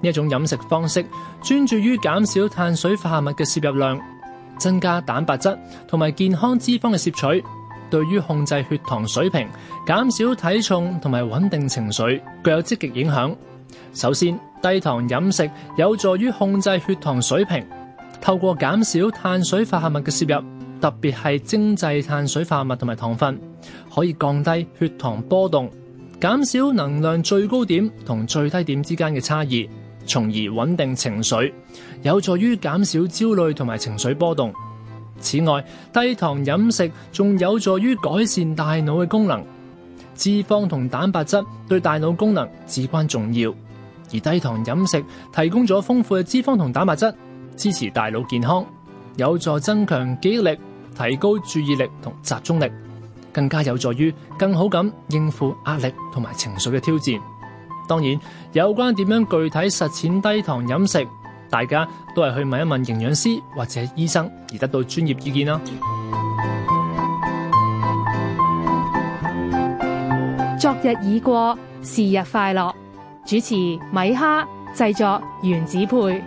呢種飲食方式，專注於減少碳水化合物嘅攝入量，增加蛋白質同埋健康脂肪嘅攝取，對於控制血糖水平、減少體重同埋穩定情緒，具有積極影響。首先，低糖飲食有助於控制血糖水平，透過減少碳水化合物嘅攝入，特別係精製碳水化合物同埋糖分，可以降低血糖波動，減少能量最高點同最低點之間嘅差異。從而穩定情緒，有助於減少焦慮同埋情緒波動。此外，低糖飲食仲有助於改善大腦嘅功能。脂肪同蛋白質對大腦功能至關重要，而低糖飲食提供咗豐富嘅脂肪同蛋白質，支持大腦健康，有助增強記憶力、提高注意力同集中力，更加有助於更好咁應付壓力同埋情緒嘅挑戰。當然，有關點樣具體實踐低糖飲食，大家都係去問一問營養師或者醫生，而得到專業意見啦。昨日已過，是日快樂。主持米哈，製作原子配。